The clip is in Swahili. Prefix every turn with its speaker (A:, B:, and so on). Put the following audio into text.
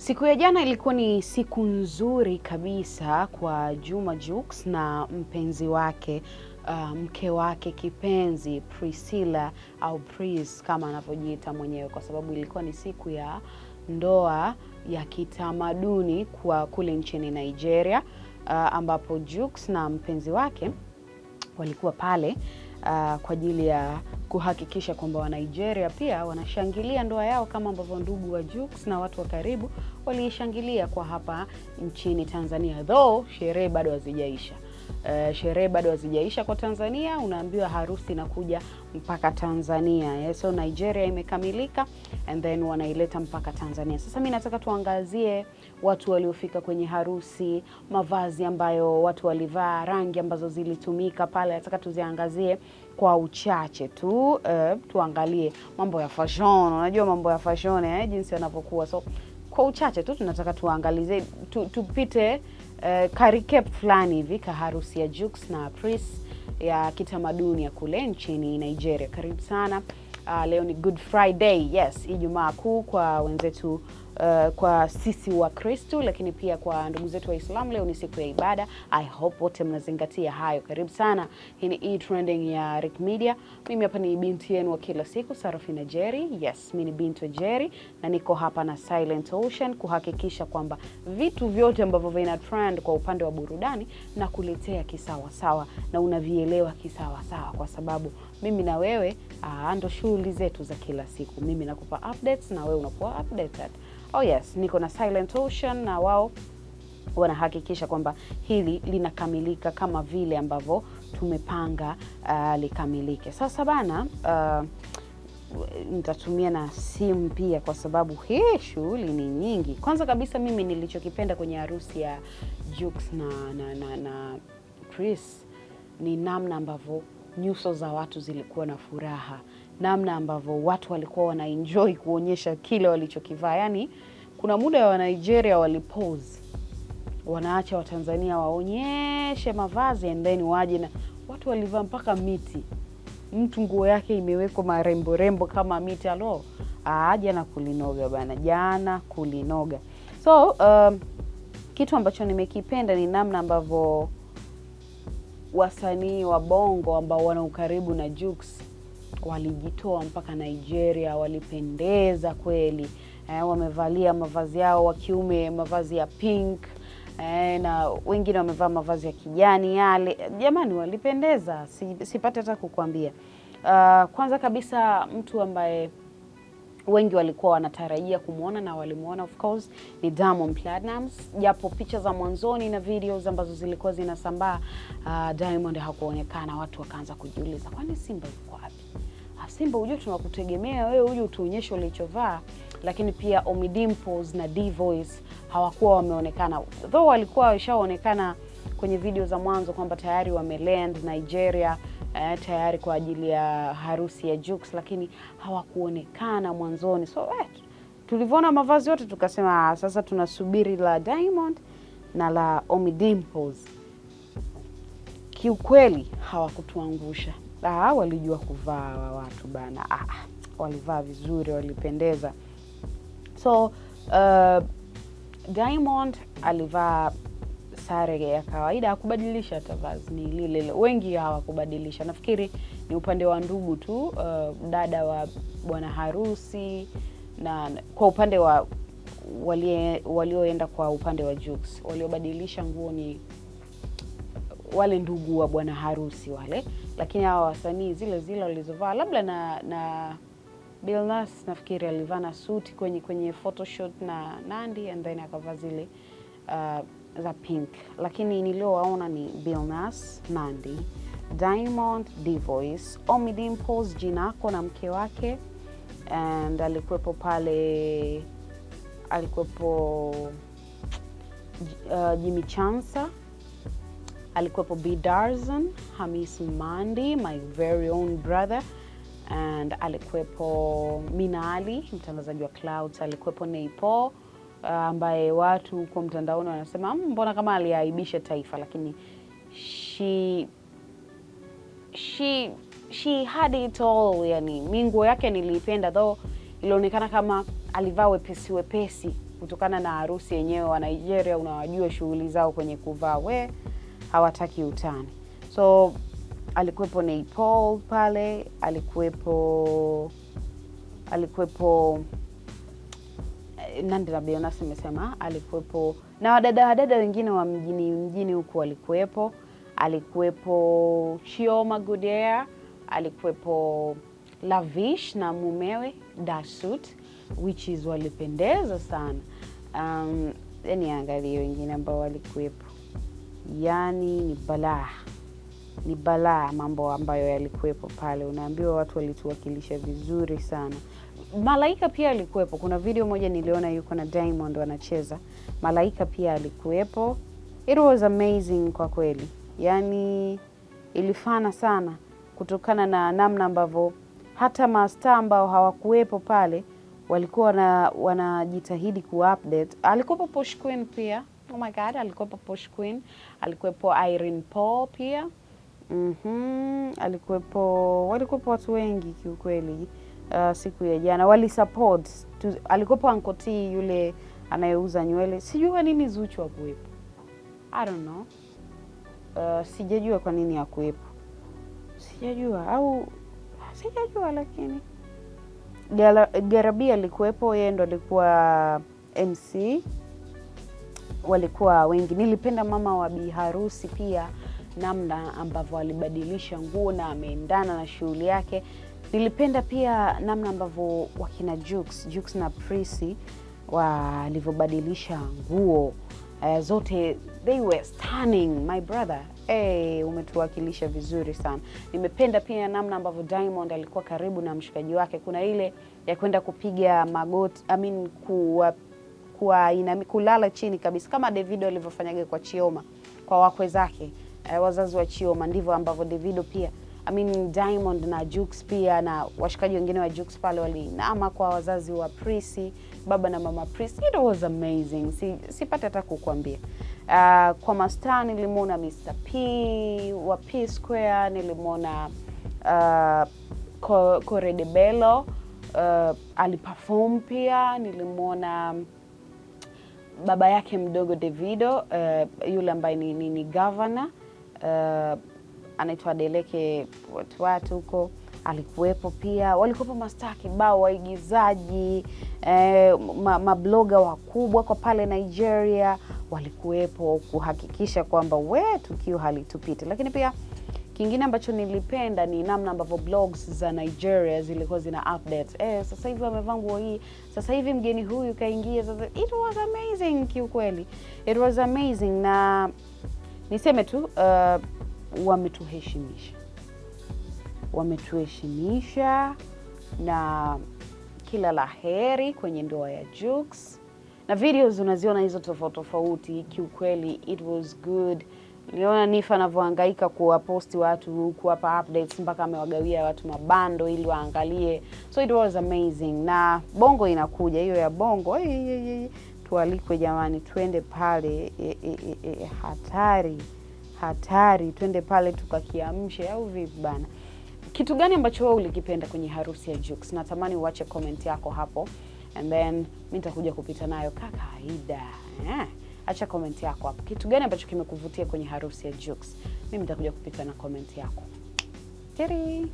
A: Siku ya jana ilikuwa ni siku nzuri kabisa kwa Juma Jux na mpenzi wake uh, mke wake kipenzi Priscilla au Pris kama anavyojiita mwenyewe, kwa sababu ilikuwa ni siku ya ndoa ya kitamaduni kwa kule nchini Nigeria, uh, ambapo Jux na mpenzi wake walikuwa pale uh, kwa ajili ya kuhakikisha kwamba Wanigeria pia wanashangilia ndoa yao kama ambavyo ndugu wa Jux na watu wa karibu waliishangilia kwa hapa nchini Tanzania, though sherehe bado hazijaisha. Uh, sherehe bado hazijaisha kwa Tanzania. Unaambiwa harusi inakuja mpaka Tanzania, so Nigeria imekamilika and then wanaileta mpaka Tanzania. Sasa mi nataka tuangazie watu waliofika kwenye harusi, mavazi ambayo watu walivaa, rangi ambazo zilitumika pale. Nataka tuziangazie kwa uchache tu uh, tuangalie mambo ya fashion. Unajua mambo ya fashion eh, jinsi yanavyokuwa, so kwa uchache tu tunataka tuangalize tu, tupite uh, karikep fulani hivi ka harusi ya Jux na Pris ya kitamaduni ya kule nchini Nigeria. Karibu sana. Uh, leo ni Good Friday, yes, Ijumaa Kuu kwa wenzetu uh, kwa sisi wa Kristu, lakini pia kwa ndugu zetu Islam. Leo ni siku ya ibada. I hope wote mnazingatia hayo. Karibu sana, hii ni e trending ya Rick Media. Mimi hapa ni binti yenu wa kila siku Sarafina Jerry. Yes, mimi ni binti Jerry na niko hapa na Silent Ocean kuhakikisha kwamba vitu vyote ambavyo vina trend kwa upande wa burudani na kuletea kisawasawa na unavielewa kisawasawa, kwa sababu mimi na wewe ah, ndo shughuli zetu za kila siku. Mimi nakupa updates na wewe unakuwa updated oh yes, niko na Silent Ocean na wao wanahakikisha kwamba hili linakamilika kama vile ambavyo tumepanga uh, likamilike. Sasa bana uh, nitatumia na simu pia kwa sababu hii shughuli ni nyingi. Kwanza kabisa mimi nilichokipenda kwenye harusi ya Jux na, na, na, na Chris ni namna ambavyo nyuso za watu zilikuwa na furaha namna ambavyo watu walikuwa wanaenjoy kuonyesha kile walichokivaa. Yaani kuna muda wa Nigeria walipose, wanaacha Watanzania waonyeshe mavazi and then waje na watu walivaa mpaka miti, mtu nguo yake imewekwa marembo rembo kama miti. Alo, ah, na kulinoga bana, jana kulinoga. So um, kitu ambacho nimekipenda ni namna ambavyo wasanii wa bongo ambao wana ukaribu na Jukes walijitoa mpaka Nigeria, walipendeza kweli eh, wamevalia mavazi yao wa kiume mavazi ya pink eh, na wengine wamevaa mavazi ya kijani yale, jamani walipendeza, si, sipate hata kukuambia. Uh, ah, kwanza kabisa mtu ambaye wengi walikuwa wanatarajia kumwona na walimwona of course ni Diamond Platnumz, japo picha za mwanzoni na videos ambazo zilikuwa zinasambaa, uh, Diamond hakuonekana. Watu wakaanza kujiuliza kwani Simba yuko Simba hujue tunakutegemea wewe uje utuonyeshe ulichovaa, lakini pia Ommy Dimpoz na D Voice hawakuwa wameonekana, though walikuwa washaonekana kwenye video za mwanzo kwamba tayari wameland Nigeria eh, tayari kwa ajili ya harusi ya Jux, lakini hawakuonekana mwanzoni. So eh, tulivyoona mavazi yote tukasema ah, sasa tunasubiri la Diamond na la Ommy Dimpoz. Kiukweli hawakutuangusha ah, walijua kuvaa wa watu bana ah, ah, walivaa vizuri, walipendeza. So uh, Diamond alivaa sare ya kawaida, akubadilisha hata vazi, ni lile lile. Wengi hawakubadilisha, nafikiri ni upande wa ndugu tu, uh, dada wa bwana harusi na kwa upande wa walioenda kwa upande wa Jux, waliobadilisha nguo ni wale ndugu wa bwana harusi wale lakini hawa wasanii zile zile walizovaa labda na na Billnass nafikiri alivaa na suti kwenye kwenye photoshoot na nandi and then akavaa zile uh, za pink, lakini niliowaona ni bilnas nandi Diamond, dvoic voice Ommy Dimpoz, Jinako na mke wake and alikuwepo pale alikuwepo uh, Jimmy Chansa alikuwepo B darzon Hamis Mandi, my very own brother and alikuwepo Mina Ali, mtangazaji wa Clouds, alikuwepo Neipo uh, ambaye uh, watu huko mtandaoni wanasema mm, mbona kama aliaibisha taifa, lakini she, she, she had it all. Yani mi yake niliipenda, though ilionekana kama alivaa wepesi wepesi kutokana na harusi yenyewe. Wa Nigeria unawajua shughuli zao kwenye kuvaa we hawataki utani. So alikuwepo Nate Paul pale, alikuwepo alikuwepo eh, Nandi na Beyonce alikuwepo na wadada wadada wengine wa mjini mjini huku alikuwepo, alikuwepo Chioma Gudea, alikuwepo Lavish na mumewe Dasut, which is walipendeza sana. Um, yani angalia wengine ambao walikuwepo yani ni balaa, ni balaa mambo ambayo yalikuwepo pale. Unaambiwa watu walituwakilisha vizuri sana. Malaika pia alikuwepo. Kuna video moja niliona yuko na Diamond wanacheza, Malaika pia alikuwepo. It was amazing kwa kweli, yani ilifana sana kutokana na namna ambavyo hata masta ambao hawakuwepo pale walikuwa wanajitahidi kuupdate. Alikuwepo Posh Queen pia oh my God, alikuwepo Posh Queen, alikuwepo Irene Paul pia mm -hmm. Alikuwepo, walikuwepo watu wengi kiukweli. Uh, ah, siku ya jana wali support, alikuwepo Uncle yule anayeuza nywele, sijui kwa nini Zuchu akuwepo I don't know. Uh, sijajua kwa nini hakuwepo, sijajua au sijajua, lakini garabi alikuwepo, yeye ndo alikuwa MC walikuwa wengi. Nilipenda mama wa biharusi pia, namna ambavyo alibadilisha nguo na ameendana na shughuli yake. Nilipenda pia namna ambavyo wakina Jux, Jux na Prissy walivyobadilisha nguo uh, zote they were stunning my brother. Hey, eh, umetuwakilisha vizuri sana. Nimependa pia namna ambavyo Diamond alikuwa karibu na mshikaji wake. Kuna ile ya kwenda kupiga magoti I mean, kuwa kuwa ina kulala chini kabisa kama Davido alivyofanyaga kwa Chioma, kwa wakwe zake eh, wazazi wa Chioma, ndivyo ambavyo Davido pia I mean, Diamond na Jux pia na washikaji wengine wa Jux pale waliinama kwa wazazi wa Prissy, baba na mama Prissy. It was amazing. Si, sipate hata kukuambia. Uh, kwa mastaa nilimwona Mr. P wa P Square, nilimwona uh, ah, Corey de Bello uh, ah, aliperform pia nilimwona baba yake mdogo Davido uh, yule ambaye ni, ni, ni governor uh, anaitwa watu Watuwatu huko alikuwepo pia, walikuwepo mastaa kibao, waigizaji eh, mabloga wakubwa kwa pale Nigeria walikuwepo kuhakikisha kwamba we tukio halitupiti, lakini pia Kingine ambacho nilipenda ni namna ambavyo blogs za Nigeria zilikuwa zina updates. Eh, sasa hivi wamevaa nguo hii, sasa hivi mgeni huyu kaingia. Sasa it was amazing kiukweli, it was amazing na niseme tu uh, wametuheshimisha, wametuheshimisha na kila la heri kwenye ndoa ya Jux, na videos unaziona hizo tofauti tofauti, kiukweli it was good. Niliona Nifa anavyohangaika kuwaposti watu, kuwapa updates mpaka amewagawia watu mabando ili waangalie, so it was amazing. Na bongo inakuja hiyo ya bongo hey, hey, hey. Tualikwe jamani, twende pale hey, hey, hey. E, e, hatari hatari, twende pale tukakiamshe, au vipi bana? Kitu gani ambacho wewe ulikipenda kwenye harusi ya Jux? Natamani uache comment yako hapo and then mimi nitakuja kupita nayo kakawaida, yeah acha comment yako hapo, kitu gani ambacho kimekuvutia kwenye harusi ya Jux. Mimi nitakuja kupita na comment yako Tiri.